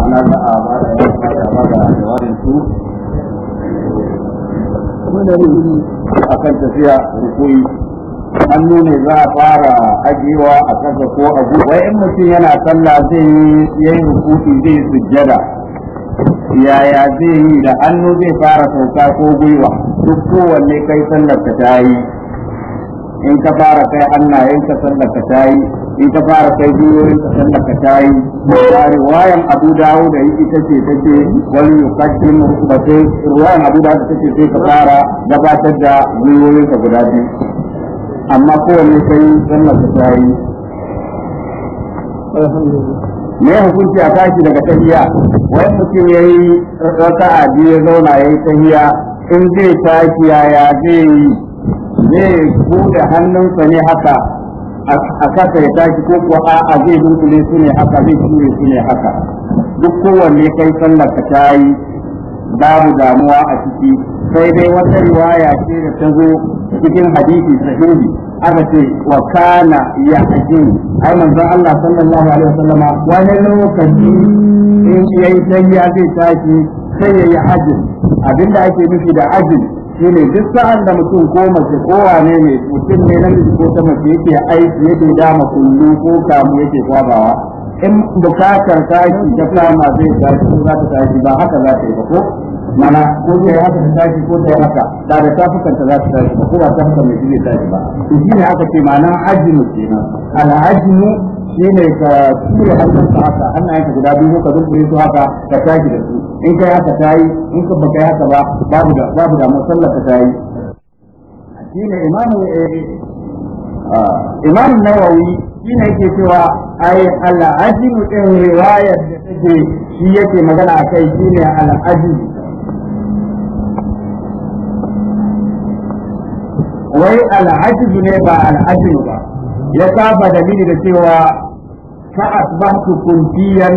ana za a ba da yawa da jawarin su a kan tafiya rukuni hannu ne za a fara ajiyewa a kasa ko abu. wai in mutum yana sallah zai yi rukuni zai yi sujjada yaya zai yi da hannu zai fara sauka ko gwiwa duk kowanne kai sallar ta ta yi in ka fara kai hannayenka sallar ka tayi in ka fara kai biyoyin ka sallar ka tayi da riwayan Abu Dawud da ita ce take wani yukaddim rukubatai riwayan Abu Dawud take sai ka fara gabatar da biyoyin ka guda biyu amma kowanne sai sallar ka tayi me hukunci a tashi daga tahiya wai mutum yayi raka'a biyu ya zauna yayi tahiya in zai tashi yaya zai yi zai buɗe hannunsa ne haka a kasa ya tashi ko kuwa a'a zai dunkule su ne haka zai ture su ne haka duk kowanne kai sallar ka tayi babu damuwa a ciki sai dai wata riwaya ce da ta zo cikin hadisi sahihi aka ce wa kana ya ajin ai manzon Allah sallallahu alaihi wasallama wani lokaci in yayi sai ya zai tashi sai ya yi ajin abinda ake nufi da ajin shine duk sa'an da mutum ko mace ko wane ne mutum ne namiji ko ta mace yake aiki yake ma kullu ko kamu yake kwabawa in bukatar tashi ta kama zai tashi ko za ta tashi ba haka za ta yi ba ko mana ko zai haka ta tashi ko ta yi haka da da tafukan ta za ta tashi ba ko ba ta haka mai zai tashi ba to shine haka ce mana ajinu kenan shi shine ka tura hannunka haka ka guda biyu ka dubbe su haka ka tashi da su in ka haka ta yi in ka baka haka ba babu da babu da musallar ka ta yi shine imamu eh, ah, imamu nawawi shine yake cewa ai al-ajin din riwaya da take shi yake magana akai shine al ajim wai al ajim ne ba al ajim ba ya saba mini da cewa ka asbahtu kuntiyan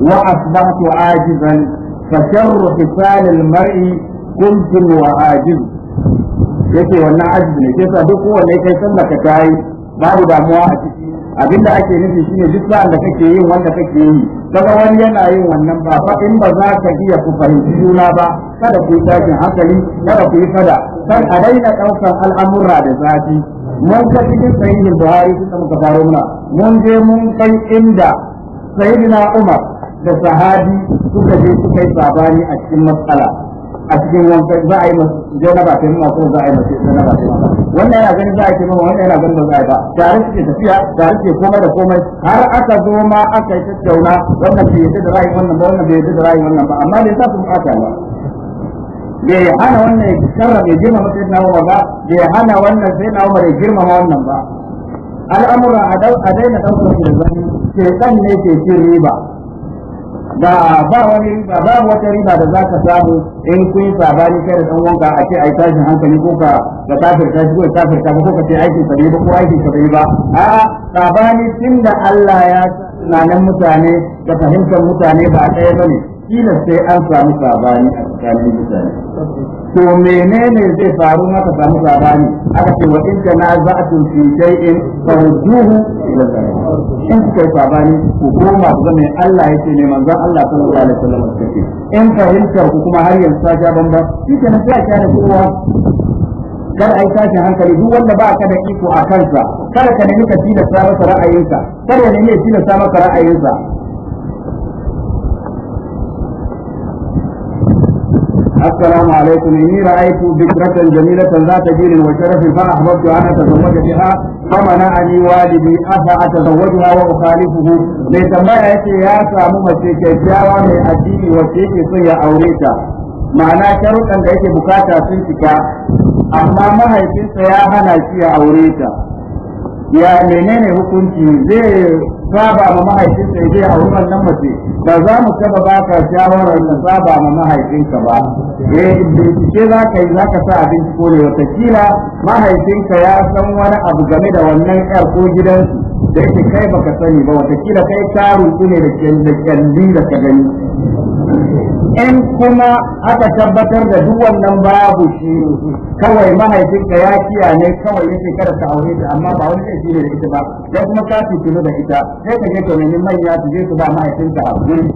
وأصبحت عاجزا فشر حسان المرء كنت وعاجز yake wannan ajibi ne sai duk kowanne kai sallah ka tayi babu damuwa a ciki abinda ake nufi shine duk sa'an da kake yin wanda kake yi kaga wani yana yin wannan ba fa in ba za ka iya ku fahimci juna ba kada ku yi tashin hankali kada ku yi fada kan a daina ɗaukar al'amura da zafi mun ka cikin sahihin buhari suka muka faro muna mun je mun kai inda sayyidina umar da sahabi suka je suka yi sabani a cikin matsala a cikin wanka za a yi masu janaba ba nuna ko za a yi masu janaba ba nuna wannan yana ganin za a yi nuna wannan yana ganin ba za a yi ba tare suke tafiya tare suke komai da komai har aka zo ma aka yi tattauna wannan bai yadda da ra'ayin wannan ba wannan bai yadda da ra'ayin wannan ba amma da ya sa su aka ba bai hana wannan ya karra bai masu yadda na umar ba bai hana wannan sai na umar ya ma wannan ba al'amura a daina ɗaukar da zani ɗan ne ke cin riba ba ba wani riba babu wata riba da zaka samu in kun sabani kai da dan wanka a ce ai tashin hankali ko ka ka kafirta shi ko ka kafirta ko ka ce aiki sa ba ko aiki sa ba a sabani tunda Allah ya tunanin mutane da fahimtar mutane ba ɗaya bane kila sai an samu sabani a tsakanin mutane to menene zai faru haka samu sabani aka ce wa in a za'atun sai in farjuhu ila in kai sabani ku koma ku ga me Allah yake ne manzon Allah sallallahu alaihi wasallam yake in hinta ku kuma har yanzu ta ja bamba shi ke nan sai ka kowa kar ai tashin hankali duk wanda ba ka da iko a kansa kada ka nemi ka tilasta masa ra'ayinka kada ka nemi ka tilasta maka ra'ayinsa السلام عليكم إني رأيت بكرة جميلة ذات دين وشرف فأحببت أن أتزوج بها فمنعني والدي أفأتزوجها وأخالفه ليس ما يأتي يا سامو مسيك جاوة من أديني وشيك صيا أوريتا معنى شرط أن يأتي بكاتا سنتك أما ما هي سنتك يا هنا شيا أوريتا ya menene hukunci zai saba ma mahaifinsa zai auri wannan mace ba za mu taba baka shawarar na saba ma mahaifinka ba eh bincike za ka yi za ka sa abin ko ne watakila mahaifinka ya san wani abu game da wannan yar ko gidansu da yake kai baka sani ba watakila kai ka ne da kyalli da ka gani in kuma aka tabbatar da duk wannan babu shi kawai mahaifinka ya kiya ne kawai yake kada ka aure ta amma ba wani zai ne da ita ba sai kuma ka fitilo da ita sai ka je ka manya su je su ba mahaifinka hakuri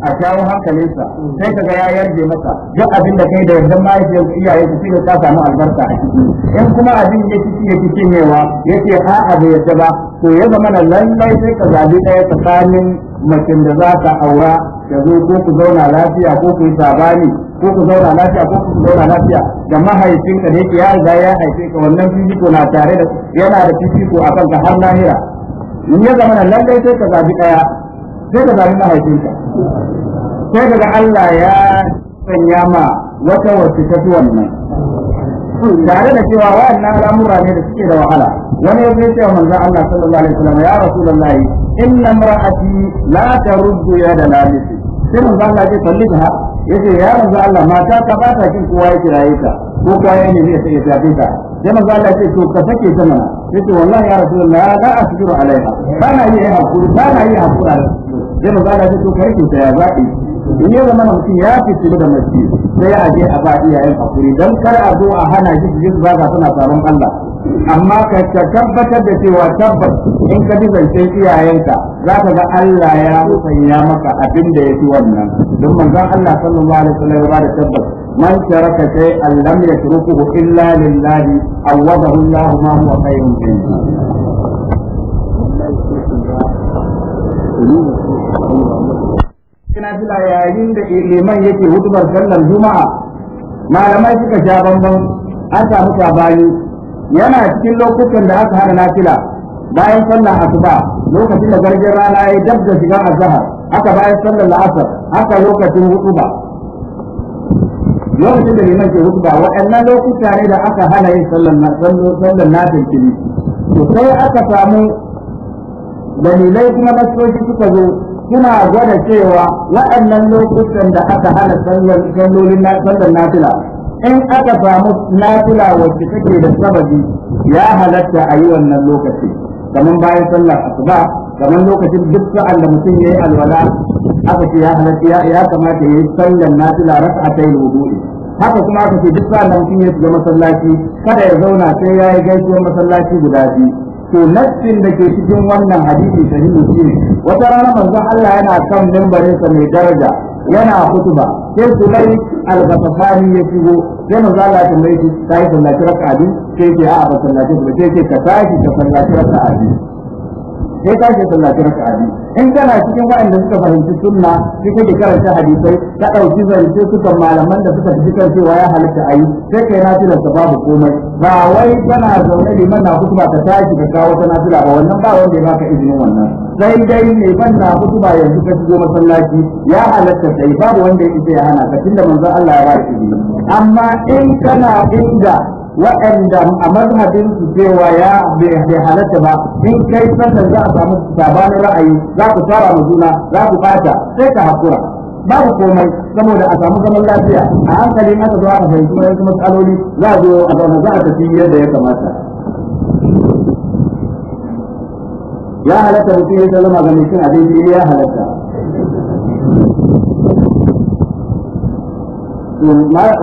a kawo hankalinsa sai ka ga ya yarje masa duk abin da kai da yardan mahaifiyar iyaye su shi ka samu albarka a ciki in kuma abin ya ciki ya ciki newa yace a'a bai yarda ba to ya zama na lallai sai ka zabi ɗaya tsakanin mutum da za ka aura ya zo ko ku zauna lafiya ko ku yi sabani ko ku zauna lafiya ko ku zauna lafiya da mahaifinka da ke ya riga ya haife ka wannan fifiko na tare da yana da fifiko a kanka har lahira in ya zama nan lallai sai ka zabi daya sai ka zabi mahaifinka sai daga Allah ya sanya ma wata wasu ta fi wannan tare da cewa wa'annan al'amura ne da suke da wahala wani ya zai cewa manzan Allah sallallahu alaihi wasallam ya rasulullahi inna imra'ati la ya da lalisi sai ba Allah je kalli ta ce ya manzo Allah mata ka ba ta kin kowa ya kiraye ta ko kowa ya ne sai ya tafi ta sai manzo Allah ce to ka sake ta mana ce wallahi ya rasulullah la asbiru alaiha na yi hakuri na yi hakuri sai manzo Allah ce to kai ki ta ya zaki in ya zama mutum ya fi fito da mace sai ya je a ba iyayen hakuri don kar a zo a hana shi su zaga suna tsaron Allah amma ka tabbatar da cewa tabbas in ka ji sai iyayenka za ka ga Allah ya musanya maka abin da ya fi wannan don manzon Allah sallallahu alaihi wasallam ya ba da tabbas man taraka ya lam yatrukuhu illa lillahi awadahu Allah ma huwa khayrun minhu Ina fila yayin da liman yake hutubar sallar juma'a malamai suka sha bambam an samu sabani yana cikin lokutan da aka hana nafila bayan sallar asuba lokacin da garjin rana ya dab da shiga azhar haka bayan sallar la'asar haka lokacin hutuba lokacin da liman ke hutuba waɗannan lokuta ne da aka hana yin sallar nafil kiri to sai aka samu dalilai kuma masoji suka zo suna gwada cewa waɗannan lokutan da aka hana sallar nafila in aka samu nafila wacce take da sababi ya halatta a yi wannan lokaci kamar bayan sallar asuba kamar lokacin duk sa'an da mutum ya yi alwala aka ce ya halatta ya kamata ya yi sallar nafila raka'atai wudu'i haka kuma aka ce duk sa'an da mutum ya shiga masallaci kada ya zauna sai ya yi gaisuwar masallaci guda biyu to nassin da ke cikin wannan hadisi sahihi ne wata rana manzon Allah yana kan mimbarin sa mai daraja yana hutuba sai sulai al-gatafani ya shigo sai manzo Allah ya tambaye shi sai sallaci raka'a biyu sai ke a'a ba sallaci ba sai ke ka tashi ka sallaci raka'a biyu sai ka ce sallaci raka'a biyu in kana cikin wa'anda suka fahimci sunna sai kake karanta hadisai ka dauki zance suka malaman da suka fi kan cewa ya halitta ayi sai kai nafila ta babu komai ba wai kana zaune liman na hutuba ka tashi ka kawo ta nafila ba wannan ba wanda ya baka izinin wannan sai dai ne ban na hutu ba yanzu ka shigo masallaci ya halatta sai babu wanda ya isa ya hana ka tunda manzon Allah ya ba amma in kana inda waɗanda a mazhabin su cewa ya bai halatta ba in kai sannan za a samu sabanin ra'ayi za ku tara ma juna za ku fata sai ka hakura babu komai saboda a samu zaman lafiya a hankali aka zo aka fahimci wani matsaloli za a zo a zauna za a tafi yadda ya kamata ya halatta mutum ya zama maganin mai cin abinci eh, ya halatta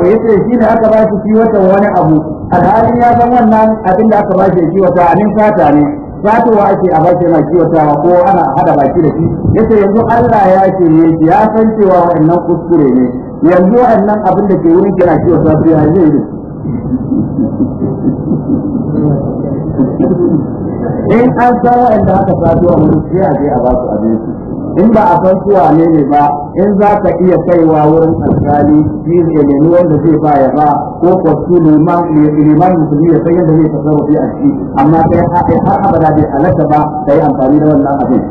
ya ce shi ne aka ba shi wata wani abu alhalin ya san wannan abin da aka ba shi wata amin fata ne fatowa ake a bashi yana kiwatawa ko ana hada baki da shi yace yanzu Allah ya shirye shi ya san cewa wannan kuskure ne yanzu wannan abin da ke wurin kira kiwata su ya zai in an san wa'anda aka sato wurin a je a basu abinci in ba a san suwa ne ne ba in za ka iya kaiwa wurin alkali shi ne nemi wanda zai ba ya ba ko kwasu liman musulmi ya san yadda zai tasarrufi a shi amma kai har abada bai halatta ba ka yi amfani da wannan abin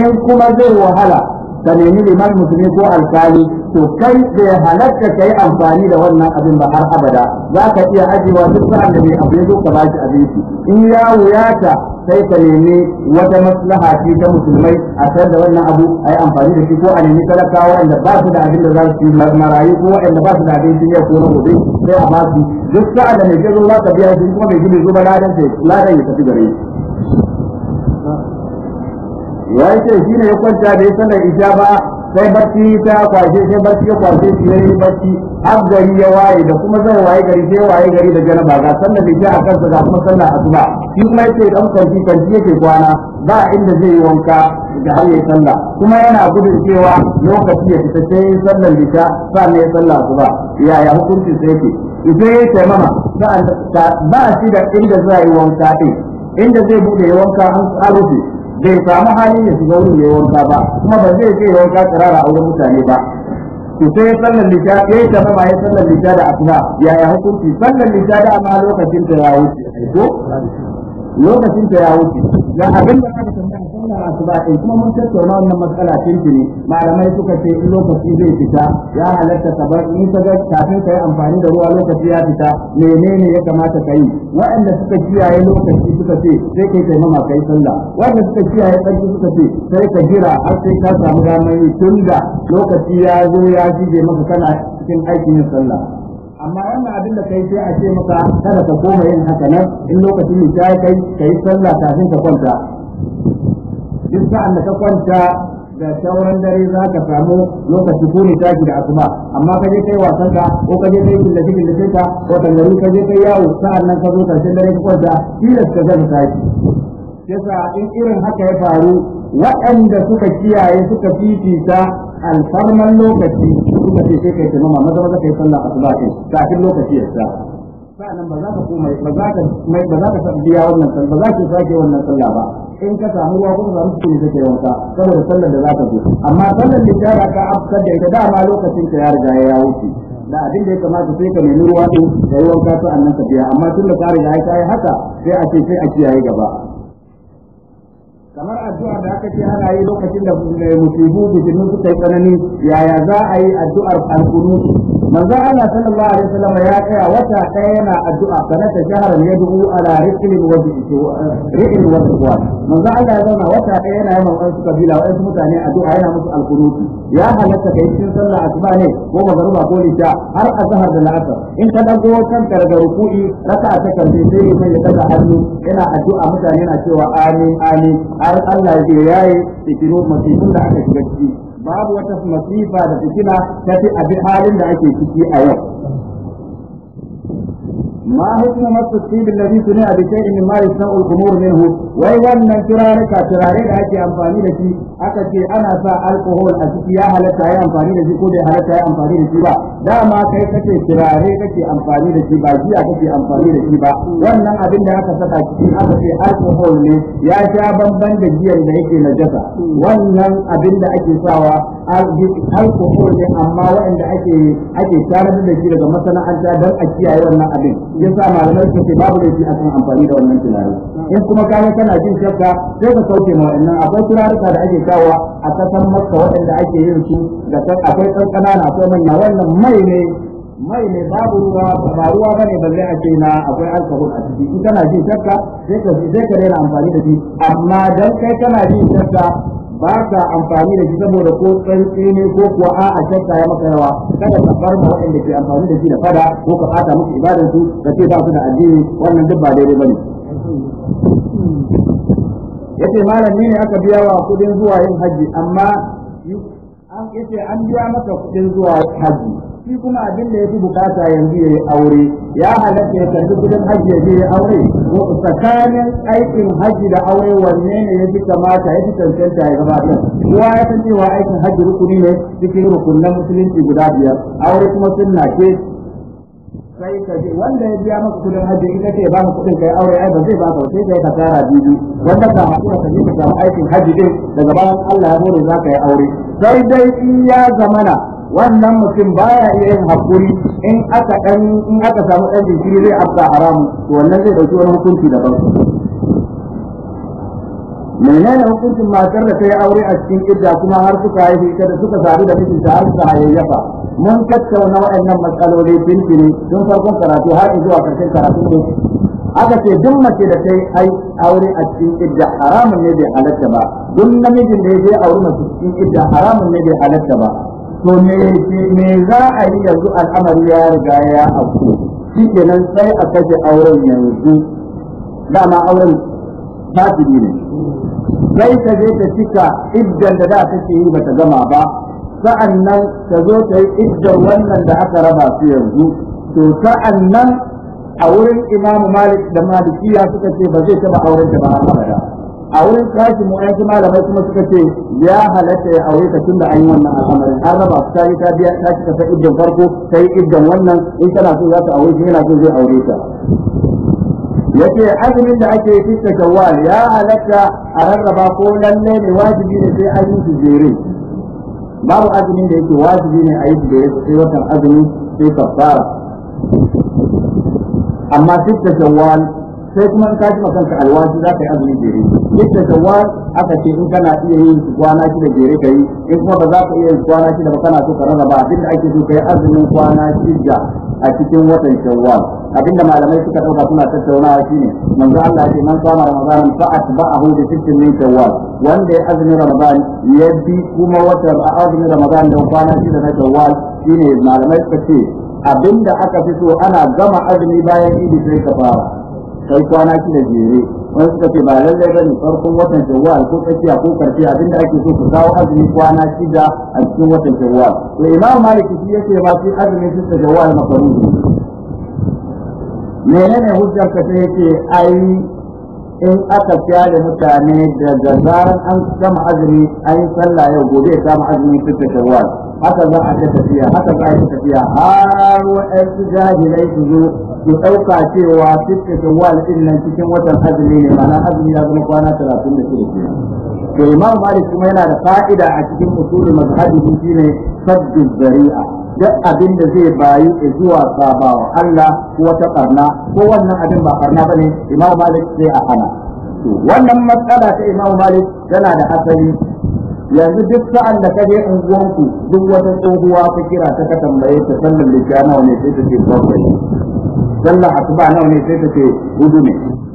in kuma zai wahala ka nemi liman musulmi ko alkali to kai bai halatta yi amfani da wannan abin ba har abada za ka iya ajiyewa duk sa'an da mai abu ya zo ka ba shi abinci in ya wuyata sai ka nemi wata maslaha ce ta musulmai a sayar da wannan abu a yi amfani da shi ko a nemi talakawa wanda ba su da abin da za su yi marayu ko wanda ba su da abin ya ko na gobe sai a ba su duk sa'an da mai gazo za ka biya shi kuma mai gudu zuba ladan sai ladan ya tafi gare shi ya ce shi ne ya kwanta da ya sallar isha ba sai barci ta kwashe sai barci ya kwashe shi yayi barci har gari ya waye da kuma zan waye gari sai waye gari da janaba ga sallar isha a kansa ga kuma sallar asuba shi kuma ce dan kanti kanti yake kwana ba inda zai yi wanka da har yayi sallah kuma yana gudun cewa lokaci ya fita sai sallar isha sannan ya sallar asuba yaya hukunci sai yake idan ya taimama ba shi da inda zai yi wanka din inda zai bude wanka an rufe bai samu hali ya shiga wurin yawon wanka ba kuma ba zai je wanka tsirara a wurin mutane ba to sai sallar lisha yayi tafa ba ya sallar lisha da ya yi hukunci sallar lisha da amma lokacin ta ya wuce ko lokacin ta ya wuce ya abin da aka tambaya masu asibatin kuma mun tattauna wannan matsala tuntuni malamai suka ce in lokaci zai fita ya halatta ka bar in ka ga kafin ka yi amfani da ruwa lokaci ya fita menene ya kamata ka yi waɗanda suka kiyaye lokaci suka ce sai kai taimama kai sallah waɗanda suka kiyaye tsarki suka ce sai ka jira har sai ka samu damar tun da lokaci ya zo ya jije maka kana cikin aikin yin sallah amma wannan abin da kai sai a ce maka kada ka koma yin haka nan in lokacin ya kai kai sallah kafin ka kwanta duk sa'an da ka kwanta da sauran dare za ka samu lokaci ko ne taki da asuba amma ka je kai wasan ka ko ka je kai killa killa sai ka ko tangari ka je kai yawo sa'an nan ka zo karshen dare ka kwanta tilas ka zama taki yasa in irin haka ya faru waɗanda suka kiyaye suka fifita alfarman lokaci suka ce sai kai tamama maza maza kai sallah asuba kai kafin lokaci ya sa sa'an nan ba za ka komai ba za ka biya wannan sallah ba za ka sake wannan sallah ba in ka samu ruwa kuma ka samu cikin da kake wanka saboda sallar da za ka zo amma sallar da ta a afkar da ita dama lokacin ka ya riga ya wuce da abin da ya kamata sai ka nemi ruwa din da yi ka ta annan ka biya amma tun da ka riga ya yi haka sai a ce sai a kiyaye gaba kamar addu'a da aka ce ana yi lokacin da eh, musibu da jinu suka yi tsanani yaya za a yi addu'ar alkunutu manzo Allah sallallahu alaihi wasallam ya kaya wata ɗaya yana addu'a kana ta shahar ya dubu ala riqlin wa riqlin wa kuwa manzo Allah ya zauna wata ɗaya yana yawan wasu kabila wa wasu mutane addu'a yana musu alqunut ya halatta kai cikin sallah asuba ne ko magruba ko isha har azhar da la'asar in ka dago kan karga ruku'i raka'a ta karfe sai ne ya daga hannu yana addu'a mutane yana cewa amin amin har Allah ya yayi cikin mutum da aka shiga ciki babu wata masifa da fitina ta fi abin halin da ake ciki a yau ما حكم التصفيب ne صنع بشيء مما يصنع الخمور منه وي wannan turare ka turare da ake amfani da shi aka ce ana sa alkohol a ciki ya halatta ya amfani da shi ko bai halatta ya amfani da shi ba dama kai kake turare kake amfani da shi ba giya kake amfani da shi ba wannan abin aka saka ciki aka ce alkohol ne ya sha bamban da giyar da yake najasa wannan abin ake sawa alkohol ne amma waɗanda ake ake tarar da shi daga masana'anta don a kiyaye wannan abin yasa malamai su ce babu laifi a kan amfani da wannan tunani in kuma kaga kana jin shakka sai ka sauke ma wannan akwai turaruka da ake kawo a kasan makka waɗanda ake yin su da akwai ɗan ƙanana akwai manya wannan mai ne mai ne babu ruwa ba ruwa bane balle a ce na akwai alkahol a ciki in kana jin shakka sai ka daina amfani da shi amma dan kai kana jin shakka ba ka amfani da shi saboda ko tsantsi ne ko kuwa a a shakka ya maka yawa kada ka farma waɗanda ke amfani da shi da fada ko ka ɓata musu ibadar su da ce ba su da addini wannan duk ba daidai bane yace malami ne aka biya wa kudin zuwa yin haji amma yace an biya maka kudin zuwa haji shi kuma abin da ya fi bukata yanzu ya yi aure ya halatta ya karbi kudin hajji ya je ya aure tsakanin aikin hajji da aure wanne ne ya fi kamata ya fi cancanta ya gaba gabata kowa ya san cewa aikin hajji rukuni ne cikin rukunan musulunci guda biyar aure kuma sunna ce sai ka je wanda ya biya maka kudin hajji ita ce ba ka kudin kai aure ai ba zai ba ka sai kai ka tsara bibi wanda ka haɗu ka je ka samu aikin hajji din daga bayan Allah ya ne za ka yi aure sai dai in ya zamana wannan mutum baya iya yin hakuri in aka dan in aka samu dan jinkiri zai afka haramu to wannan zai dauki wani hukunci daban menene hukuncin matar da ta yi aure a cikin idda kuma har suka haihu ita da suka sadu da mijinta har suka hayayyafa mun tattauna waɗannan matsaloli tintini tun farkon karatu har zuwa karshen karatu ne aka ce duk mace da ta yi aure a cikin idda haramun ne bai halatta ba duk namijin da ya je aure mace cikin idda haramun ne bai halatta ba to me za a yi yanzu al'amari ya riga ya afku shi kenan sai a kaje auren yanzu dama auren yi ne sai ta je ta cika iddan da da take yi ba ta gama ba sa'an nan ta zo ta yi iddan wannan da aka raba su yanzu to sa'an nan a wurin imamu malik da malikiya suka ce ba zai taba auren ta ba abada a wurin kashi mu yanzu malamai kuma suka ce ya halatta ya aure ka tunda an yi wannan al'amarin Har raba su ta yi ta biya ta ka ta iddan farko ta yi iddan wannan in tana so za ta aure shi yana so zai aure ta yace azumin da ake yi ta shawwal ya halatta a rarraba ko lalle ne wajibi ne sai an yi su jere babu azumin da yake wajibi ne a yi su jere sai watan azumi sai kafara amma duk da shawwal sai kuma ka ji kanka alwashi za ka yi azumi jere yadda shawwal aka ce in kana iya yin kwana shida jere ka yi in kuma ba za ka iya yin kwana shida ba kana so ka rarraba abinda ake so ka yi azumin kwana shida a cikin watan shawwal abinda malamai suka dauka suna tattaunawa shine manzo Allah ya ce man kama ramadan fa atba'ahu bi sittin min shawwal wanda ya azumi ramadan ya bi kuma watan azumi ramadan da kwana shida na shawwal shine malamai suka ce abinda aka fi so ana gama azumi bayan idi sai ka fara kai kwana shi da jere wani suka ce ba lallai bane farkon watan shawwal ko tsakiya ko karshe abinda ake so ku kawo azumi kwana shida a cikin watan shawwal to imam maliki shi yake ba shi azumin shi shawwal makaruhi menene hujjar ka yake ai in aka da mutane daga zaran an gama azumi an yi sallah yau gobe ya kama azumi fita shawwal haka za a ta tafiya haka za a ta tafiya har wa'ansu jahilai su zo ku ɗauka cewa fitta shawwal din nan cikin watan azumi ne ma'ana azumi ya zama kwana talatin da shida to imam malik kuma yana da fa'ida a cikin usulul mazhabi shine saddu zari'a duk abin da zai bayu zuwa sabawa Allah ko wata karna ko wannan abin ba karna bane imam malik sai a hana wannan matsala ta imam malik yana da asali yanzu duk sa'an da ka je unguwanku duk wata tsohuwa ta kira ta ka tambaye ta sallan da nawa ne sai ta ce sallar asuba nawa ne sai ta ce hudu ne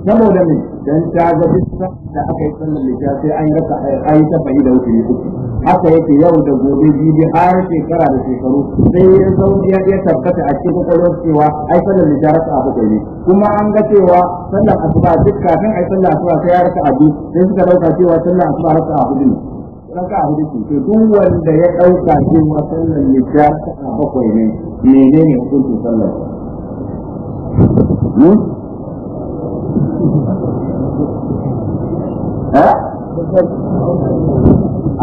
saboda me dan ta ga duk da aka yi sallar lisha sai an raka ai ta fahi da wuce uku haka yake yau da gobe bibi har shekara da shekaru sai ya zauki ya tabbata a cikin kwakwalwar cewa ai sallar lisha raka a bakwai ne kuma an ga cewa sallar asuba duk kafin ai sallar asuba sai ya raka abu, sai suka dauka cewa sallar asuba raka a hudu ne raka a hudu sai duk wanda ya dauka cewa sallar lisha raka a bakwai ne menene hukuncin sallar Hmm? Eh?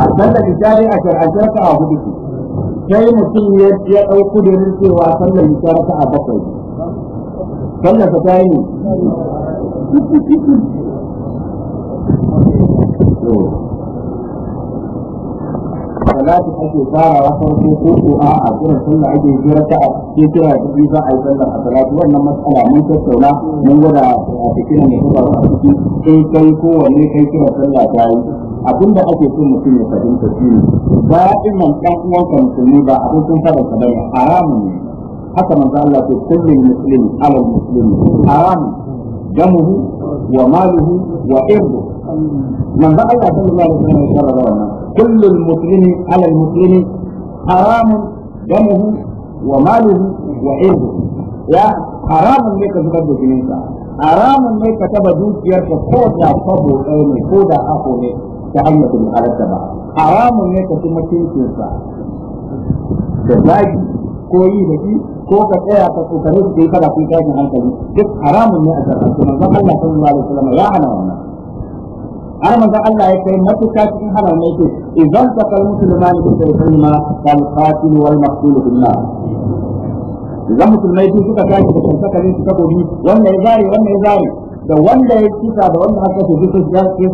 a sallar isha'i a shar'antar ka a hudu sai mutum ya ɗau kudurin cewa sallar isha'i ka a bakwai sallar ta yi salatu ake farawa farko ko ko a a kira sallah ake kira ta ke kira ta biyu a yi sallah a salatu wannan matsala mun tattauna mun gwada a cikin ne kuma a cikin kai kai ko wanne kai kira sallah ta yi abin da ake so mutum ya fahimta shi ne ba iman ɗan uwanka musulmi ba abokin fara sadaka haramun ne haka manzo Allah ce kullu muslimin ala muslimi haram Jamuhu, wa maluhu wa irdu manzo Allah sallallahu alaihi wasallam ya karara wannan كل المسلم على المسلم حرام دمه وماله وعرضه يا حرام ليك تبدو جنيسا حرام ليك تبدو جيرك فوضع فضو ايني فوضع اخوني تحية على السماء حرام ليك تمكين جنيسا تبعي كوي هكي كوكا ايه تتوكرس دي فلا في كاي من هنكلي جس حرام ليك تبدو جنيسا كما قال الله صلى الله عليه وسلم يا حنا وانا انا من قال الله يكي متو كاي من هنكلي إذا التقى المسلمان بسيفيهما فالقاتل والمقتول في النار إذا musulmai sun suka tashi da kansakalin su takobi wanda ya وانا wanda ya zare da wanda ya kisa da wanda aka ce duk ya ce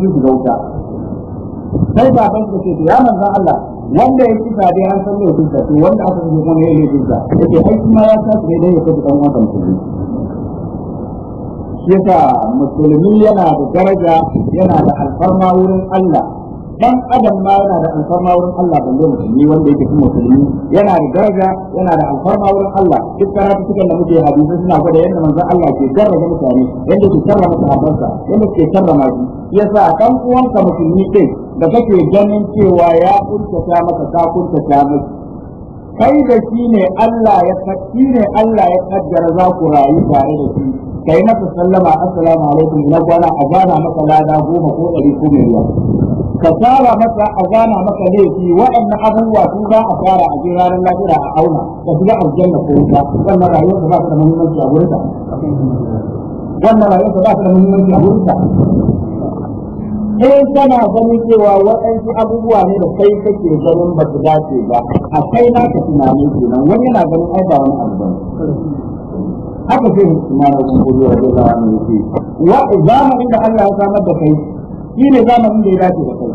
Sai su gauta Allah wanda ya kisa da ya san ne sun to wanda aka ce kuma ya yi yake ai kuma ya tashi ne da ya kafa dan wannan musulmi yasa musulmi yana da daraja yana da alfarma wurin Allah dan adam ma yana da alfarma wurin Allah balle musulmi wanda yake kuma musulmi yana da daraja yana da alfarma wurin Allah duk karatu suka da muke hadisi suna gwada yadda manzon Allah ke daraja mutane yadda ke karrama sahabbansa yadda ke karrama shi yasa dan uwanka musulmi din da kake ganin cewa ya kuntata maka ka kuntata maka kai da shi ne Allah ya sakki ne Allah ya kaddara za ku rayu tare da shi kai na sallama assalamu alaikum na kwana a gana maka lada goma ko ɗari ko miliyan ka tara masa a gana masa laifi waɗannan abubuwa su za a tara a je ranar lafiya a auna ka shiga aljanna ko wuta wannan rayuwar ba ta da muhimmanci a wurinka wannan rayuwar ba ta da muhimmanci a wurinka in eh, kana ganin cewa waɗansu abubuwa ne da kai kake ganin ba su dace ba a kai na ka tunani kenan wani yana ganin ai ba wani abu ba haka sai musulman da kuma kudu da zai zama ne yake zamanin da Allah ya samar da kai shi ne zamanin da ya dace da kai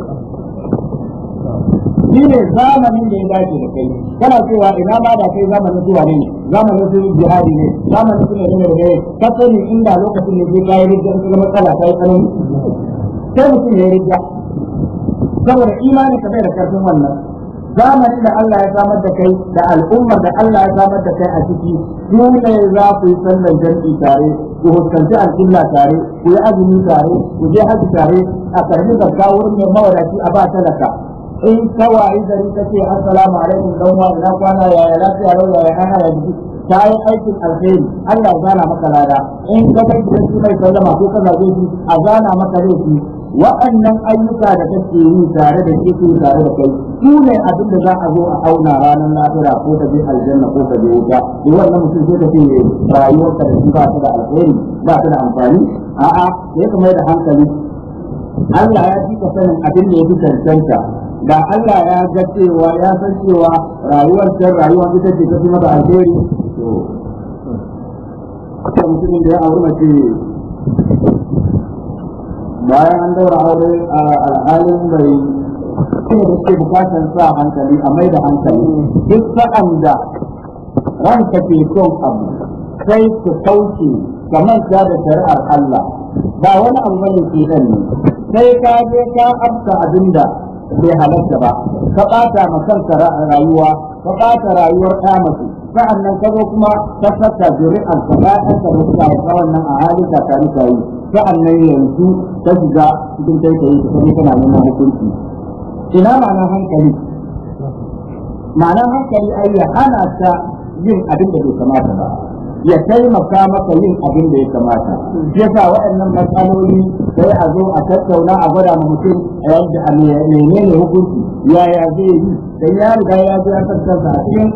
shi ne zamanin da ya dace da kai kana cewa ina ma da kai zamanin zuwa ne zamanin su jihadi ne zamanin su ne da ne ka sani inda lokacin ne sai kai rijiyar su zama kala yi tsanani sai mutum ya rijiya saboda imanin ka bai da karfin wannan zamani da Allah ya samar da kai da al'ummar da Allah ya samar da kai a ciki ku ne za ku yi sallar jam'i tare ku huskanci al'umma tare ku yi azumi tare ku je haji tare a karbi zakka wurin mai mawadaci a ba talaka in tawaye gari ta ce assalamu alaikum dan wani na kwana ya ya lafiya lau ya ya ya jiki ta yi aikin alheri Allah ya zana maka lada in ka kai gidan shi mai sallama ko ka zabe shi a zana maka laifi waɗannan ayyuka da kake yi tare da shi tare da kai su ne abin da za a zo a auna ranar lafiya ko ta je aljanna ko ta je wuta to wannan mutum sai ta ce ta da shi ba ta da alheri ba ta da amfani a'a sai ka mai da hankali Allah ya fi sanin abin da ya fi cancanta da Allah ya ga cewa ya san cewa rayuwar can rayuwa ita ce ta fi mata alheri to mutumin da ya auri mace bayan an daura aure a alhalin mai kuma da ke bukatar sa hankali a mai da hankali duk sa'an da ranka ke son abu sai ku kauce kamar ta da shari'ar Allah ba wani abu bane ke nan ne sai ka je ka abka abinda bai halatta ba ka ɓata ma kanka rayuwa ka ɓata rayuwar ɗa mace nan ka zo kuma ka saka zuri'ar ka ba ta ka rubuta wa nan a halin ka ta ka yi nan yanzu ka shiga cikin kai ka yi ka sani kana hukunci ina ma'anar hankali ma'anar hankali ai ya ta yin abin da bai kamata ba ya taimaka maka yin abin da ya kamata ya sa waɗannan matsaloli sai a zo a tattauna a gwada ma mutum yadda menene hukunci yaya zai yi dan ya riga ya ji ya kansa a cikin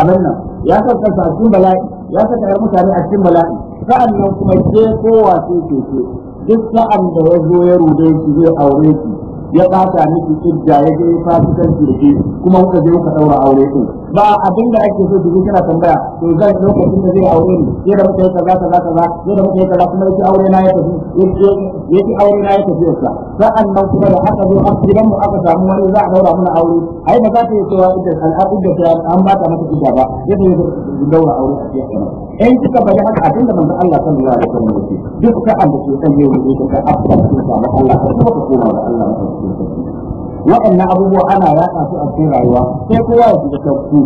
abin nan ya san a cikin bala'i ya saka mutane a cikin bala'i sa'an nan kuma ke kowa ce ke ke duk sa'an da ya zo ya rude shi zai aure shi ya ɓata miki idda ya je fasikan kan kuma kuka je kuka ɗaura aure ɗin ba abin da ake so dubu kana tambaya to zan lokacin da zai aure ni sai da muka kaza kaza kaza sai da muka kaza kuma yake aure na ya tafi yake aure na ya tafi sa sa'an nan kuma da aka zo a gidan mu aka samu wani za a daura mana aure ai ba za ta yi cewa idan al'adu da ta an ba ta mata kija ba yadda ya daura aure a cikin in kika bari haka abin da manzo Allah sallallahu alaihi wasallam yake duk sa'an da ke san yau ne ka afka ka Allah ka kuma ka koma ga waɗannan abubuwa ana yaɗa su a cikin rayuwa sai kowa ya shiga shakku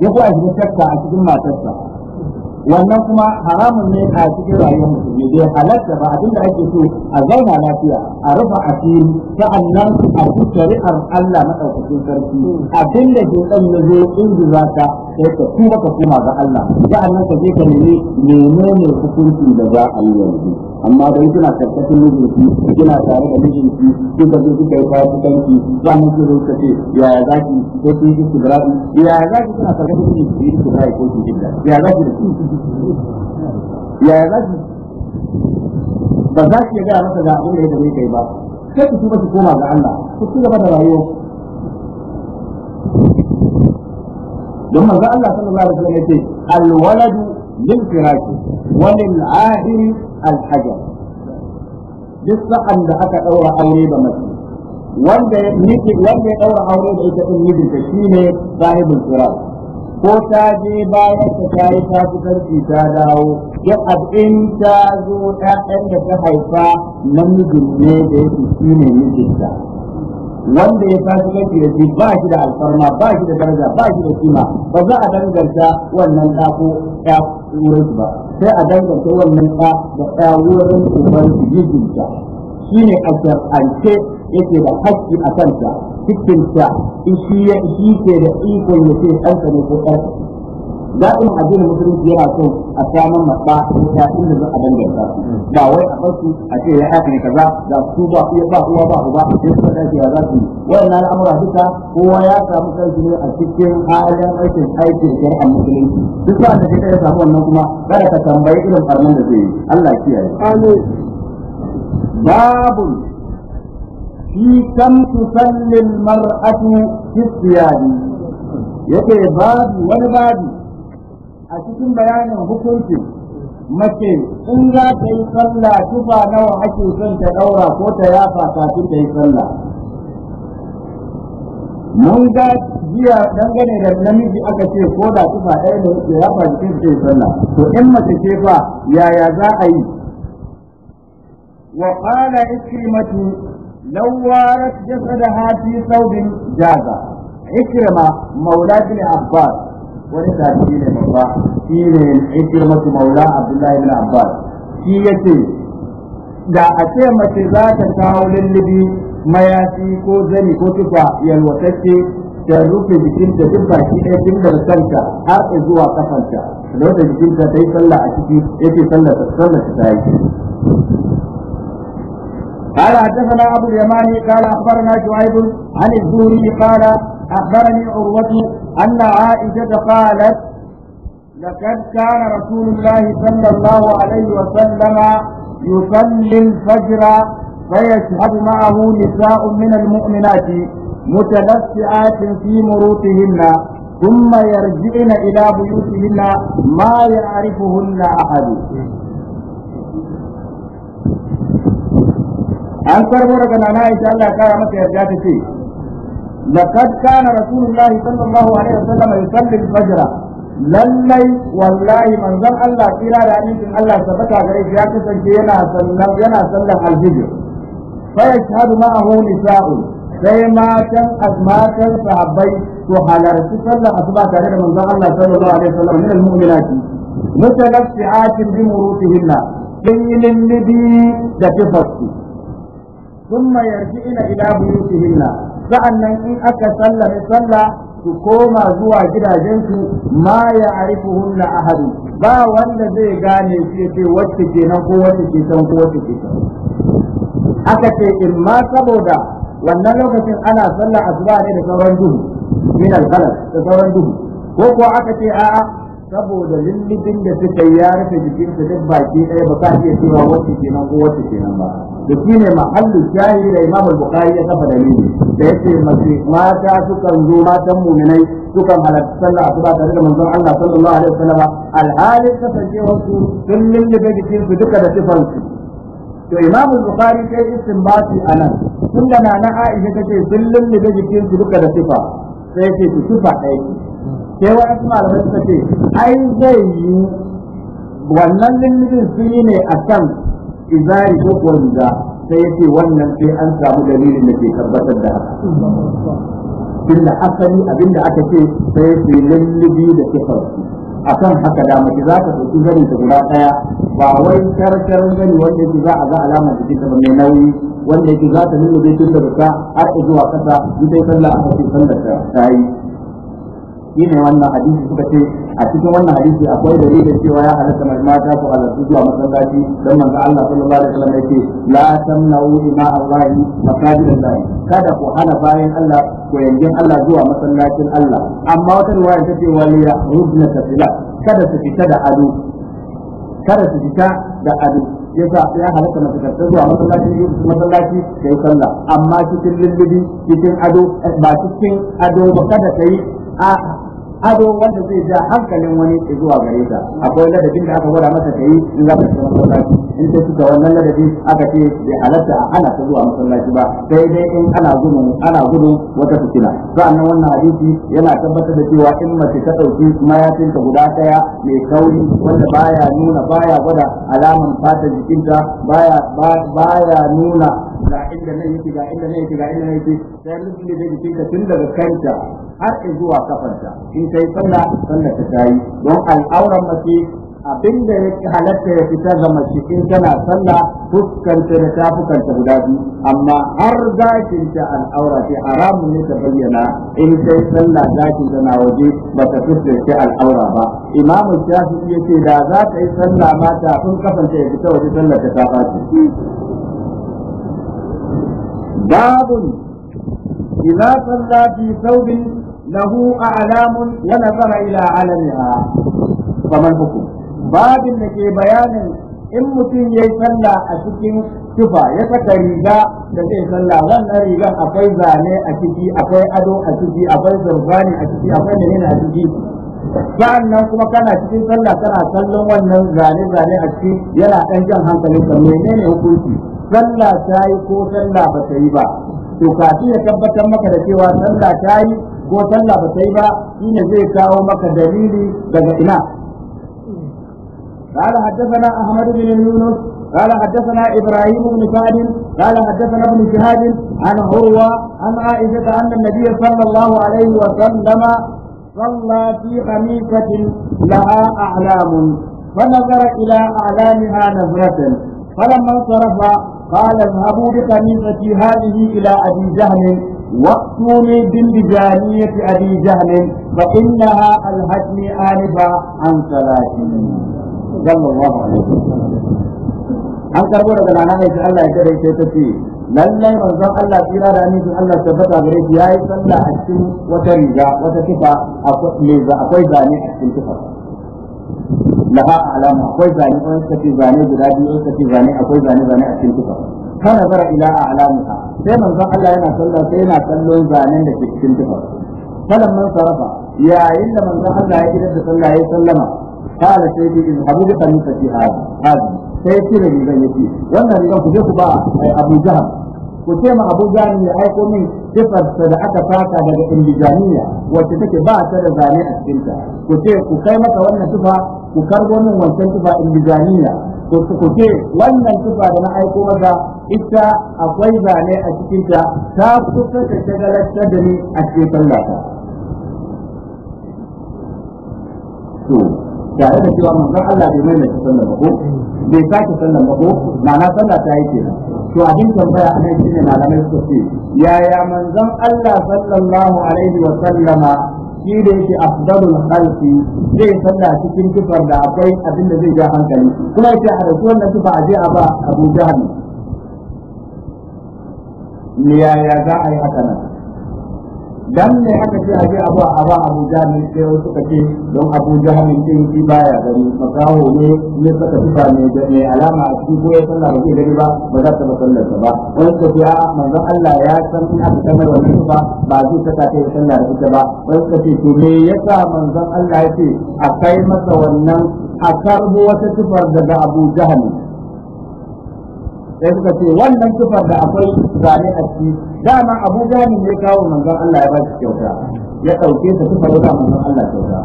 ya kowa ya shiga shakka a cikin matarsa wannan kuma haramun ne a cikin rayuwar musulmi bai halatta ba abinda ake so a zauna lafiya a rufa asiri annan a ci shari'ar Allah madaukakin sarki abinda ke ɗan ya zo in za ka sai ka kuma ka koma ga Allah annan ka je ka nemi menene hukunci da za a yi yanzu amma dai suna karkashin mijinki kina tare da mijinki kin ga duk kai ka ci kanki ba mun so ka ce ya zaki ko kin ki ibrahim ya zaki kina karkashin mijinki ki kai ko ki ya zaki da yaya za ba za ki gaya masa da abin da ya gare kai ba sai ku tuba su koma ga Allah ku ci gaba da rayuwa don manzo Allah sallallahu alaihi wasallam yace al-waladu lil firaki wa lil ahiri al-hajar duk sa'an da aka daura aure ba mace wanda ya wanda ya daura aure da ita din mijinta shine sahibul firaki ko ta je bayan ta ta yi ta fi ta dawo ya abin ta zo ɗayan da ta haifa namijin ne da fi shi ne mijinta wanda ya fasu karfi da shi ba shi da alfarma ba shi da daraja ba shi da kima ba za a danganta wannan ɗa ko ɗa wurin ba sai a danganta wannan ɗa da ɗa wurin mijinta shi ne a shar'ance yake da haƙƙi a kanta cikin ta shi ya shi ke da ikon ya ce ɗansa ne ko ɗansa zaɓin addinin musulunci yana so a samun matsa ta inda zan a ta ba wai a kansu a ce ya haka ne kaza da su ba ku ba uwa ba uba sai su faɗa ce ya za su yi wannan al'amura duka kowa ya samu kansu ne a cikin halin aikin aiki da shari'ar musulunci duk ba da ya samu wannan kuma kada ka tambayi irin farnan da zai yi Allah kiyaye. Babu في كم تصلي المرأة في الصيام yake babu wani babu a cikin bayanin hukuncin mace in za ta yi sallah tufa nawa ake son ta daura ko ta yafa kafin ta yi sallah mun ga jiya dangane da namiji aka ce ko da tufa ɗaya ne ya yafa jikin ta yi sallah to in mace ce fa yaya za a yi wa qala ikrimatu لو وارت Jaza. في ثوب جاز عكرمة مولى بن عباس ولذا شيء مولى شيء عكرمة مولى عبد الله بن عباس شيء يتي da a ce mace za ta kawo lullubi mayafi ko zani ko tufa yalwatacce ta rufe jikinta duk baki ɗaya tun daga kanta har zuwa kafanta da wata jikinta ta yi sallah a ciki ya ce sallah ta yi قال حدثنا ابو اليماني قال اخبرنا شعيب عن الزهري قال اخبرني عروه ان عائشه قالت لقد كان رسول الله صلى الله عليه وسلم يصلي الفجر فيشهد معه نساء من المؤمنات متدفئات في مروطهن ثم يرجعن الى بيوتهن ما يعرفهن احد an karbo daga nana Aisha Allah ya kara masa yarda ta ce laqad kana rasulullahi sallallahu alaihi wasallam yusalli al-fajr lallai wallahi manzon Allah kira da amincin Allah sabata gare shi ya kasance yana sallan yana sallan al-fajr fa yashhadu ma'ahu nisa'u sai matan asmatan sahabbai to halarci sallan asuba tare da manzon Allah sallallahu alaihi wasallam min al-mu'minati mutanaffi'atin bi murutihinna bin yinnibi da tifarsu Tun ina يرجعن إلى بيوتهن sa'annan in aka sallame sallah su koma zuwa gidajensu ma ya arifuhun na ahadu ba wanda zai gane shi wacce ke ko wacce ke can ko wacce ke can aka ce in ma saboda wannan lokacin ana sallah a ne da sauran duhu min alqalam da sauran duhu ko ko aka ce a'a saboda lullubin da suka yi ya rufe jikinsa duk baki ɗaya ba ka iya cewa wacce ke ko wacce ke nan ba da shi ne mahallin shahi da imam al-bukhari ya kafa dalili da yace mace mata sukan zo matan mu'minai sukan halarci sallah asuba tare da manzon Allah sallallahu alaihi wasallam alhalin kasancewar su sun lullube jikin su duka da su to imam al-bukhari sai istinbati anan tun da nana Aisha tace sun lullube jikin su duka da sifa sai ce su sifa ɗaya sai wani kuma malamai ce ai zai yi wannan lillin sun yi ne a kan izari ko kuwa riga sai yace wannan sai an samu dalilin da ke tabbatar da haka tunda asali abinda aka ce sai su lallubi da kifarsu akan haka da mace za ta ɗauki zani ta guda ɗaya ba wai karkar zani wanda yake za a ga alamar jikin ba mai nauyi wanda yake za ta lullube tun daga har zuwa kasa in ta yi sallah a kafin sallar ta yi shi ne wannan hadisi suka ce a cikin wannan hadisi akwai dalilin cewa ya halatta mai mata ko halattu zuwa masallaci don manzo Allah sallallahu alaihi wasallam yake la tamna'u ima Allah masajid Allah kada ku hana bayan Allah ko yangen Allah zuwa masallacin Allah amma wata riwaya ta ce wa ya rubna tafila kada su fita da ado kada su fita da ado yasa ya halatta mace ta zuwa masallaci masallaci da yi sallah amma cikin lullubi cikin ado ba cikin ado ba kada ta yi a ado wanda zai ja hankalin wani ke zuwa gare ta akwai ladabin da aka gwada masa ta yi in za ta shi masallaci in ta suka wannan ladabi aka ce bai halatta a ana ta zuwa masallaci ba sai dai in ana gudun ana gudun wata fitina sa'annan wannan hadisi yana tabbatar da cewa in mace ta dauki mayafinta guda daya mai kauri wanda baya nuna baya gwada alaman fata jikinta baya baya nuna ga inda nan yake ga inda nan yake ga inda nan yake sai musulmi da jikin ka tun daga kanta har zuwa kafanta in kai sallah sallah ta tayi don al'auran mace abinda da ya halatta ya fita ga mace in tana sallah fuskanta da tafukanta guda biyu amma har zakin ta al'aura ce haramun ne ta bayyana in sai sallah zakin ta na waje ba ta fuskanta al'aura ba imam shafi'i yace da za ka yi sallah mata, sun kafanta ya fita waje sallar ta ta باب إذا صلى في ثوب له أعلام ونظر إلى علمها فما الحكم باب لك بيان in mutum ya yi sallah a cikin tufa ya saka riga da zai sallah wannan rigar akwai zane a ciki akwai ado a ciki akwai zurfani a ciki akwai menene a ciki nan kuma kana cikin sallah kana kallon wannan zane zane a cikin yana ɗan jan hankalin ka menene hukunci sallah ta yi ko sallah ba ta yi ba to kafin ya tabbatar maka da cewa sallah ta yi ko sallah ba ta yi ba shine zai kawo maka dalili daga ina قال حدثنا احمد بن يونس قال حدثنا ابراهيم بن سعد قال حدثنا ابن شهاد عن عروه عن عائشه ان النبي صلى الله عليه وسلم صلى في خميسة لها أعلام فنظر إلى أعلامها نظرة فلما انصرف قال اذهبوا بقميصتي هذه إلى أبي جهل واتوني بلجانية أبي جهل فإنها ألهتني آنفا عن صلاتي صلى الله عليه وسلم an karbo daga nana ne Allah ya kare ta tafi lallai manzon Allah tsira da ni Allah tabbata gare shi yayi sallah a cikin wata riga wata tufa akwai zane a cikin tufa laha alama akwai zane wani kace zane guda biyu wani kace zane akwai zane zane a cikin tufa kana zara ila alamiha sai manzon Allah yana sallah sai yana kallon zanen da ke cikin tufa falan man sarafa yayin da manzon Allah ya kidar da sallah ya sallama in سيدي اذهبوا بقميصتي هذه هذه sai cire ya ce wannan rigar ku je ku ba eh, Abu Jahal ku ce ma Abu Jahal ya aiko min sifar da aka fata daga Indijaniya wacce take ba ta da zane a cikin ta ku ce ku kai maka wannan tufa ku karbo min wancan tufa Indijaniya ku ku ce wannan tufa da na aiko maka ita akwai zane a cikin ta ta kusa ta shagalar da ni a cikin sallata tare da cewa manzon Allah bai mai mai sallar ba ko bai sake sallar ba ko ma'ana sallah ta yi kenan to abin tambaya a nan shine malamai suka ce yaya manzon Allah sallallahu alaihi wa sallama shi da yake afdalul khalqi zai salla cikin kifar da akwai abin da zai ja hankali kuma yace a da wannan kifa a je a ba Abu Jahl yaya za a yi haka nan dan ne aka ce a je a ba a ba Abu Jahal sai wasu suka ce don Abu Jahal din yi baya gani makaho ne ne saka tufa ne da ne alama a cikin ko ya sallah ba zai ba ba za ta sallar ba wani ka fiya manzo Allah ya san in aka kamar wannan su ba zai saka ta sallah da ita ba wani ka ce to me yasa manzon Allah ya ce a kai masa wannan a karbo wata tufar daga Abu Jahal sai suka ce wannan tufar da akwai zane a ciki dama abu gani ne kawo manzon Allah ya ba shi kyauta ya ɗauke ta tufar da ba manzon Allah kyauta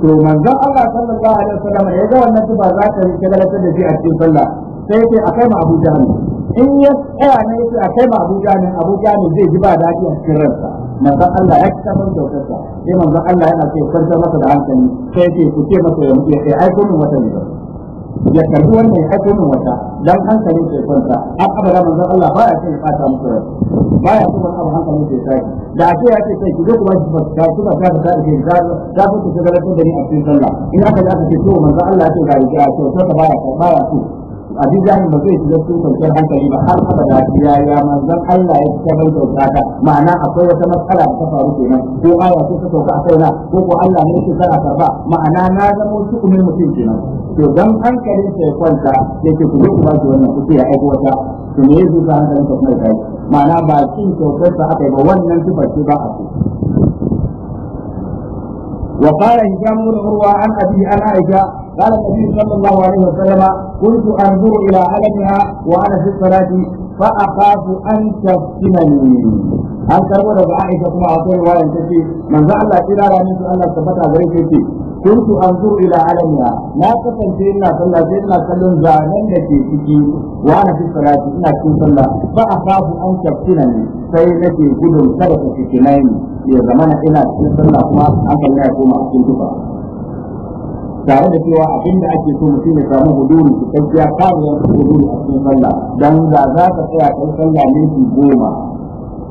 to manzon Allah sallallahu alaihi wasallam ya ga wannan tufa za ta da lafiyar da shi a cikin sallah sai ce a kai ma abu jahil in ya tsaya ne yace a kai ma abu jahil abu jahil zai ji ba daɗi a cikin ransa manzon Allah ya ci kyautar sa sai manzon Allah yana ce kwanta masa da hankali sai ce ku ce masa ya ce ai kun wata ne ya karbi wannan hukumin wata dan hankalin ke kwanta an abada manzon Allah baya ce ya fata musu ba baya ce wani hankalin ke sai da ake ya ce sai kije kuma shi fasta kuma ta da ke da da ku da lafiya da ni a cikin sallah in aka da aka ce to manzon Allah ya ce ga ya ce to ta baya ko baya so abin jahi ba zai shiga cikin kwanciyar hankali ba har ka da ya ya manzon Allah ya fita mai sauka ma'ana akwai wata matsala da ta faru kenan ko aya ce ta sauka a kaina ko ko Allah ne yake sana karba ma'ana na zama tukumin mutum kenan to dan hankali sa ya kwanta yake ku zo ba shi wannan ku ya aiko wata to me yake hankalin ka kuma kai ma'ana ba cin saukar sa aka yi ba wannan sifar ce ba a Wa وقال هشام بن عروه عن ابي عن قال النبي صلى الله عليه وسلم كنت انظر الى علمها وانا في الصلاه فاخاف ان تفتنني an karbo daga Aisha kuma a wata riwaya ta ce manzo Allah kira da min Allah tabbata gare shi ce kuntu anzuru ila alamiha na kasance ina sallah sai ina kallon zanen da ke ciki wa ana fi salati ina cikin sallah fa akhafu an tafsina ni sai nake gudun kada ta fitina ni ya zamana ina cikin sallah kuma an kalla ya koma cikin duka tare da cewa abinda ake so mutum ya samu huduri kai ya kare ya su huduri a cikin sallah dan da za ka tsaya kai sallah minti goma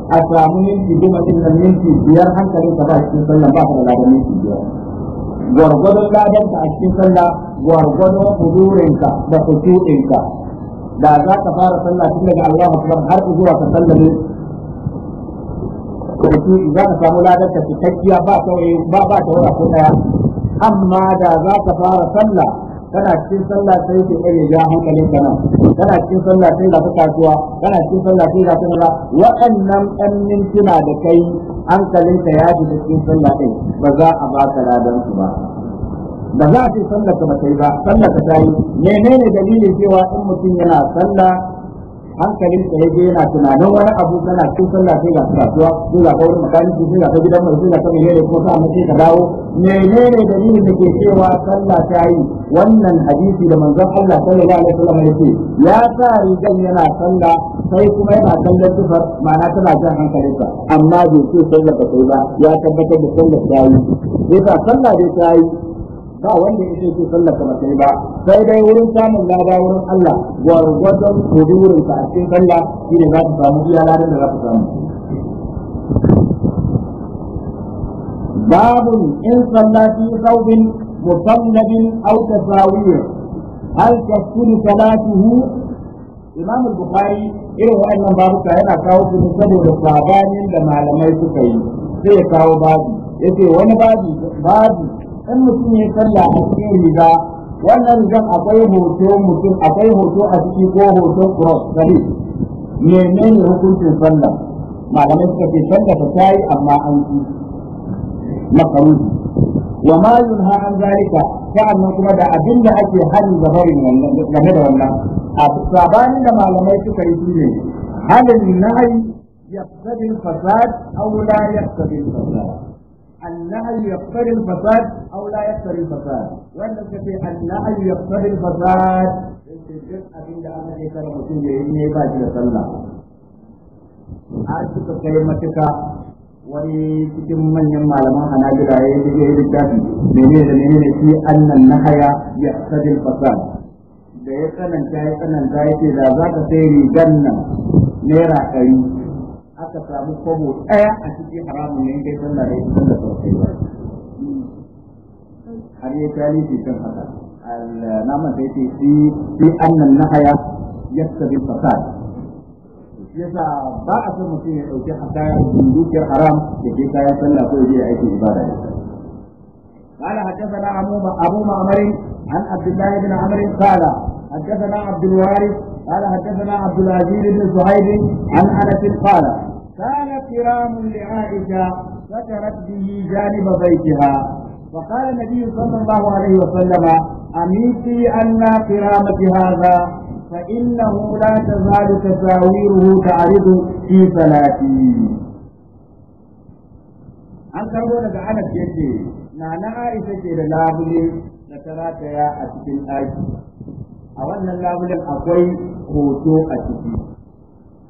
a samu minti goma din nan minti biyar hankalin ka ba cikin sallah ba ka da ladan minti biyar gwargwadon ladan ka a cikin sallah gwargwadon hudurin ka da kusudin ka da za ka fara sallah tun daga Allahu akbar har zuwa ka sallame kusudi za ka samu ladan ka cikakkiya ba ta ba ba ta wura ko daya amma da za ka fara sallah kana cikin sallah sai ke kai ya hankalin ka nan kana cikin sallah sai ga kasuwa kana cikin sallah sai ga kana waɗannan ɗan mintuna da kai hankalin ka ya ji cikin sallah ɗin ba za a ba ka ladan su ba Da za a ce sallah ka ba ta yi ba sallah ka ta yi menene dalilin cewa in mutum yana sallah hankalin ka yaje yana tunanin wani abu tana cikin sallah sai ga kasuwa sai ga kawai makaniki sai ga gidan mai sai ga kai ne sai amma sai ka dawo menene dalilin da ke cewa sallah ta yi wannan hadisi da manzon Allah sallallahu alaihi wasallam yake ya sa rigan yana sallah sai kuma yana kallon tufar ma'ana tana jan hankalinsa amma bai ce sallah ba sai ba ya tabbatar da sallah ta yi sai sallah dai ta yi ba wanda ya ce sallar ka mace ba sai dai wurin samun lada wurin Allah gwargwadon wurin ka a cikin sallah ne za ka samu iya ladan da za ka samu باب إن صلى saubin ثوب مطلب tasawiyya hal هل تكون صلاته Imam Bukhari irin wa'annan babuka yana kawo su ne saboda sabanin da malamai suka yi sai ya kawo babu yace wani babu babu in mutum ya sallah a cikin riga wannan rigar akwai hoto mutum akwai hoto a ciki ko hoton cross gari menene hukuncin sallah malamai suka ce sallah ta tayi amma an ci makaruhi wa ma yunha an zalika sa'annan kuma da abin da ake hali gabarin wannan game da wannan a sabanin da malamai suka yi shine halin nahi yaqtadi al-fasad aw la yaqtadi al-fasad النهي يقتضي الفساد او لا يقتضي الفساد wanda كفي ce annahu الفساد al-fasad sai duk abin da aka ce صلى mutum ya yi ne da sallah har suka matuka wani cikin manyan malaman hanabila ya yi da littafi menene da menene shi annan nahaya yaqtadi al-fasad da ya tsananta ya tsananta ya ce da za ka sai rigan nan naira ɗari aka samu kwabo ɗaya a cikin haramun ne kai sallah da ita sallah sosai ba har yi tarihi kan haka naman sai ce fi fi annan nahaya yastabi fasad yasa ba a san mutum ya dauki kayan dukiyar haram ya ke kayan sallah ko ya aikin ibada ne قال حدثنا أبو معمر عن عبد الله بن عمرو قال حدثنا عبد الوارث قال حدثنا عبد العزيز بن صهيب عن أنس قال كان كرام لعائشة ذكرت به جانب بيتها وقال النبي صلى الله عليه وسلم أميتي أن كرامة هذا فإنه لا تزال تساويره تعرض في صلاتي an karbo daga anas ya ce na na aisha ce da labule na tarataya a cikin ɗaki a wannan labulen akwai hoto a ciki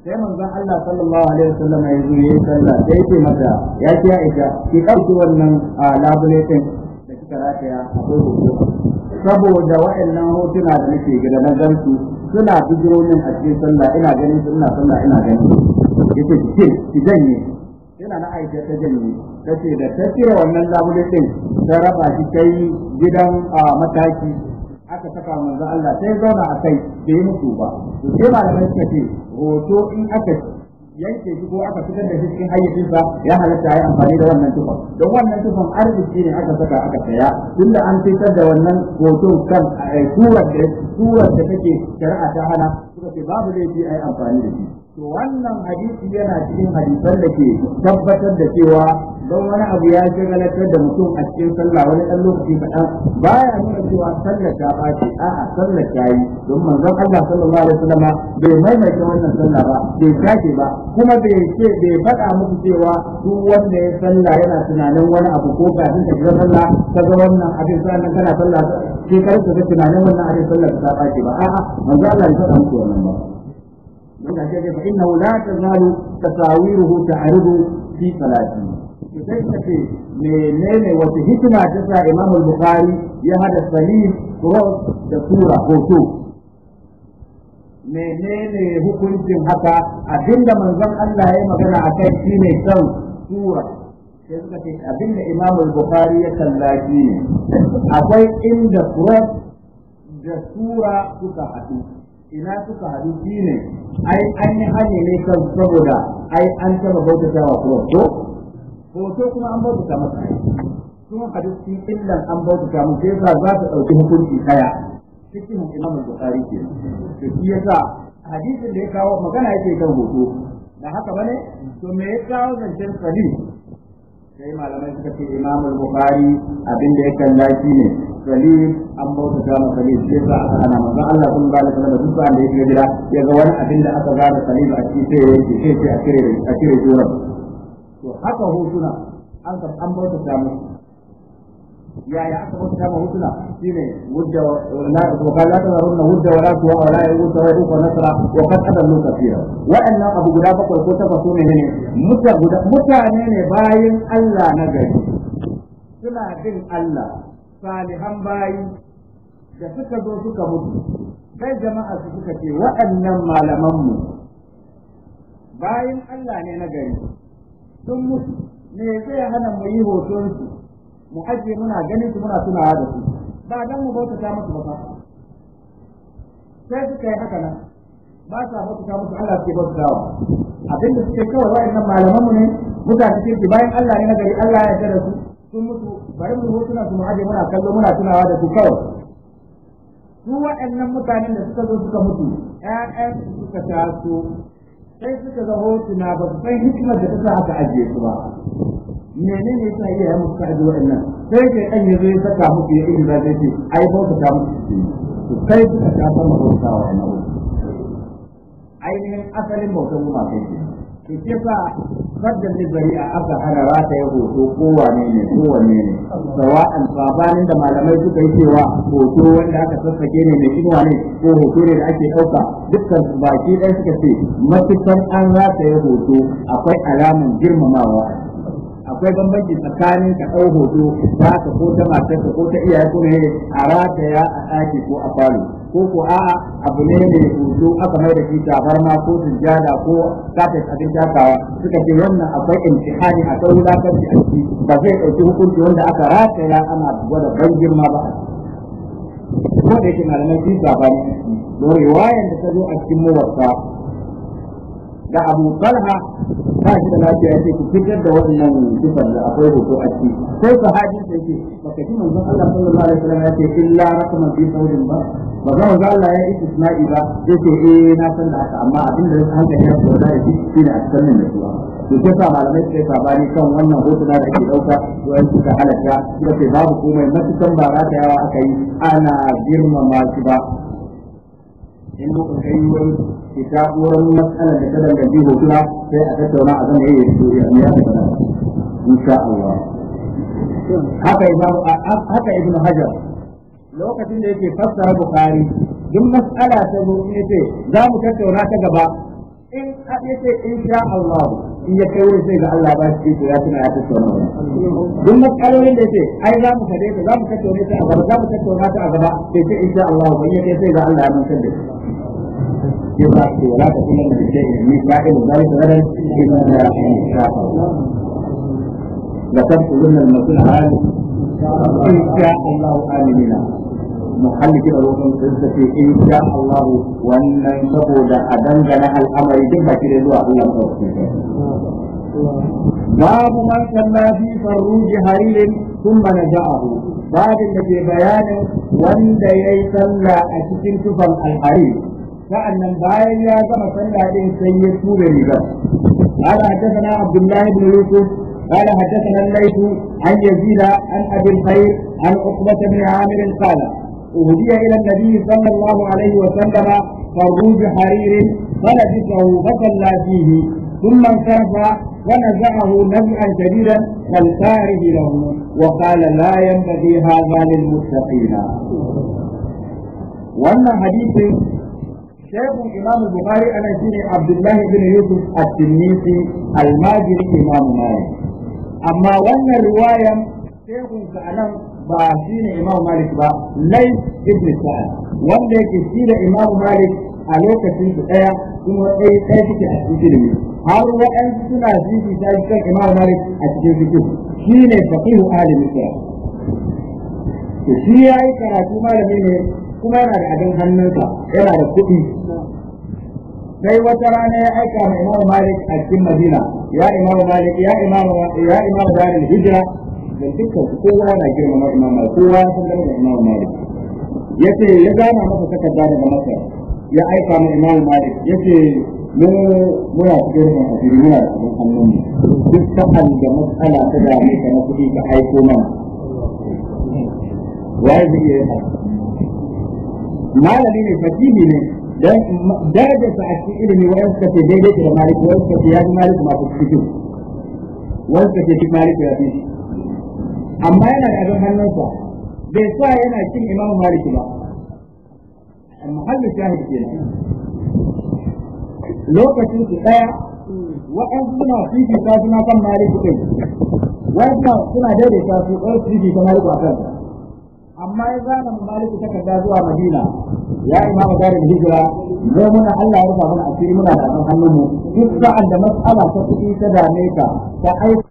sai manzon Allah sallallahu alaihi wasallam ya zo yayin sallah sai yake mata ya ce Aisha ki dauki wannan labule din da kika rataya akwai hoto saboda waɗannan hotuna da nake gida na gansu suna bijiro min a cikin sallah ina ganin su ina sallah ina ganin yace ki ki janye yana na Aisha ta janye tace da ta wannan labule din ta raba shi kai gidan mataki aka saka manzo Allah sai zauna a kai da yi musu ba to sai malamai suka ce hoto in aka yanke shi ko aka fitar da shi cikin hayyacinsa ya halatta ya amfani da wannan tufa don wannan tufan arziki ne aka saka aka saya tunda an fitar da wannan hoton kan eh, surar da surar da take shari'a ta hana suka ce babu laifi a yi amfani da shi to wannan hadisi yana cikin hadisan da ke tabbatar da cewa don wani abu ya shagalatar da mutum a cikin sallah wani ɗan lokaci kaɗan baya nuna cewa sallah ta a a'a sallah ta yi don manzon Allah sallallahu alaihi wasallam bai maimaita wannan sallah ba bai sake ba kuma bai ce bai faɗa muku cewa duk wanda ya sallah yana tunanin wani abu ko kafin ka shiga sallah ta ga wannan abin sannan kana sallah ke ka ta tunanin wannan abin sallah ta ɓaci ba a'a manzon Allah ya faɗa muku wannan ba wanda ake ce ta innahu la tazalu ta arihu fi salati sai ka ce menene wata hikima ta sa imamu Bukhari ya hada salim cross da sura hoto menene hukuncin haka abinda manzon Allah ya magana akai shine kan sura sai suka ce abinda Imam Bukhari ya kallaci ne akwai inda cross da sura suka haɗu ina suka haɗu shi ne ai an yi hanyar ne kan saboda ai an taɓa bautata wa kuma ko hoto kuma an bautata masa ai kuma haɗu shi illan an bautata mu sai yasa za ta ɗauki hukunci kaya. cikin imam mu bukhari ke to shi yasa hadisin da ya kawo magana yake kan hoto da haka bane to me ya kawo zancen hadisi sai malamai suka ce imam al-bukhari abin da ya kalla ne Salim an bauta ta masa salim sai sa aka ana manzo Allah kun ba da salama duk da yake gida ya ga wani abin da aka gada Salim a cikin sai yake sai sai a cire a kire jura to haka hotuna an ka an bauta ta masa yaya aka bauta ma hutuna shine wudda la wakala ta zarunna wudda wala tuwa wala ya wuta wa uku nasara wa qad adallu kathira wa'annan abu guda bakwai ko takwas ne ne mutane ne bayan Allah na gari suna bin Allah salihan bayi da suka zo suka mutu Kai jama'a su suka ce malaman mu. bayan Allah ne na gari sun mutu me zai hana mu yi hoton su? mu ajiye muna ganin su muna tunawa da su ba dan mu ta musu ba sai suka yi haka nan ba sa ta musu Allah suke bautatawa abin da suke kawai nan malaman mu ne cikin su bayan Allah ne nagari gari Allah ya yarda su sun mutu bari mu hotuna su mu ajiye muna kallo muna tunawa da su kawai su nan mutanen da suka zo suka mutu ‘ya'yan suka taso sai suka zaho tuna ba san hikimar da ta sa aka ajiye su ba menene yasa iya ya musu aji wannan sai kai dan ya ya saka musu ya iya zai ce ai bauta ta musu to sai suka ta san bauta wa ainihin asalin bautan mu ba kai ke sa fadda da a aka hana rata ya hoto kowane ne kowane ne sawa'an sabanin da malamai suka yi cewa hoto wanda aka sassake ne mai inuwa ne ko hoto ne da ake ɗauka dukkan baki ɗaya suka ce matukar an rata ya hoto akwai alamun girmamawa akwai bambanci tsakanin ka ɗau hoto za ka ko ta matarka ko ta iyaye ko ne a rataya a ɗaki ko a falo ko ko a'a abu ne mai hoto aka mai da shi tabarma ko sujjada ko kafin abin takawa suka ce wannan akwai imtihani akwai wulakanci a ciki ba zai ɗauki hukunci wanda aka rataya ana gwada ban girma ba ko da yake malamai sun sabani don riwayar da ta zo a cikin muwatta da abu talha ba shi da lafiya ya ce ki fitar da wannan kifan da akwai hoto a ciki sai sahabin sai ce baka ji manzon Allah sallallahu alaihi wasallam ya ce illa rakama fi saudin ba ba za manzon Allah ya istisna'i ba ya ce eh na san da haka amma abin da zai hankali ya fara da shi shine a cikin da su to ke sa malamai sai ka bani kan wannan hotuna da ake ɗauka wani suka halatta suka ce babu komai matukan ba za ta yawa aka yi ana girmama shi ba in mutum kai wani ki shafuran matsalar da ta danganci hotuna sai a tattauna a zama yayi su ya ya ta fada insha Allah haka ibn haka ibn hajar lokacin da yake fassara bukhari duk mas'ala ta zo ne ce za mu tattauna ta gaba in haɗe ce insha Allah in ya kai wurin sai ga Allah ba shi ko ya tuna ya tattauna duk matsalolin da yake ai za mu haɗe ta za mu tattauna ta a gaba za mu tattauna ta a gaba sai ce insha Allah ban ya kai sai ga Allah ya mantar da يقع ولا تكون من الشيء من فاعل ذلك غدا إلا إن شاء الله لتدخلن المسجد هذا إن شاء الله آمنين muhallikin roƙon sun tafi in sha Allah wannan saboda a dangana al'amari duk baki da zuwa Allah sauki. Babu man salla fi farruji haririn sun bana ja'ahu babin da ke bayanin wanda ya yi salla a cikin tufan al'ari Sa'annan bayan ya zama sallah ɗin sai rigar, tura riga. Ala haddasa na Abdullah ibn Yusuf, ala haddasa na Laitu, an yazida, an abin sai, an ukubata mai amirin kala. Uhudiya ila Nabi sallallahu alaihi wa sallama, fa’uzi haririn, fara ji tsawo bakan sun man karfa, wani za'ahu nabi an jarida, kan tsari hirahu, wa kala layan da zai hazalin mutafina. Wannan hadisin شيخ الإمام البخاري أنا جيني عبد الله بن يوسف التنيسي الماجري إمام مالك أما وأن الرواية شيخ سألم باشين إمام مالك با ليس ابن سعد وأن سيد إمام مالك عليك سيد الآية ثم أي تاجك أتكلم هل وأن سنة سيد سيد إمام مالك أتكلم شين فقيه آل مصر shi ya yi karatu malami ne kuma yana da abin hannunsa yana da kuɗi sai wata rana ya aika ma imamu malik a cikin madina ya imamu malik ya imamu ya imamu dalil hijira da dukkan kowa yana girmama imamu malik kowa ya san da imamu malik ce ya gana masa takarda daga masa ya aika ma imamu malik Ya mu muna cikin rufin asiri muna cikin hannun duk sa'an da matsala ta dame ka na kuɗi ka aiko mana wajibi ya yi malami ne fasihi ne dan daraja sa a cikin ilimi wayan suka ce daidai da maliki wayan suka ce ya ji maliki masu cikin wayan suka ce cikin maliki ya fi amma yana da abin hannunsa bai sa yana cin imamu maliki ba amma hannun shahid ke lokacin su daya wa'ansu suna fifi ta suna kan maliki ɗin wa'an suna daidaita su ɗaya fifi ta maliki a kansa amma ya zana mu maliki takarda zuwa madina ya imamu garin hijira mu muna Allah ya rufa mana asiri muna da hannun mu duk sa'an da mas'ala ta kuɗi ta dame ka ta aika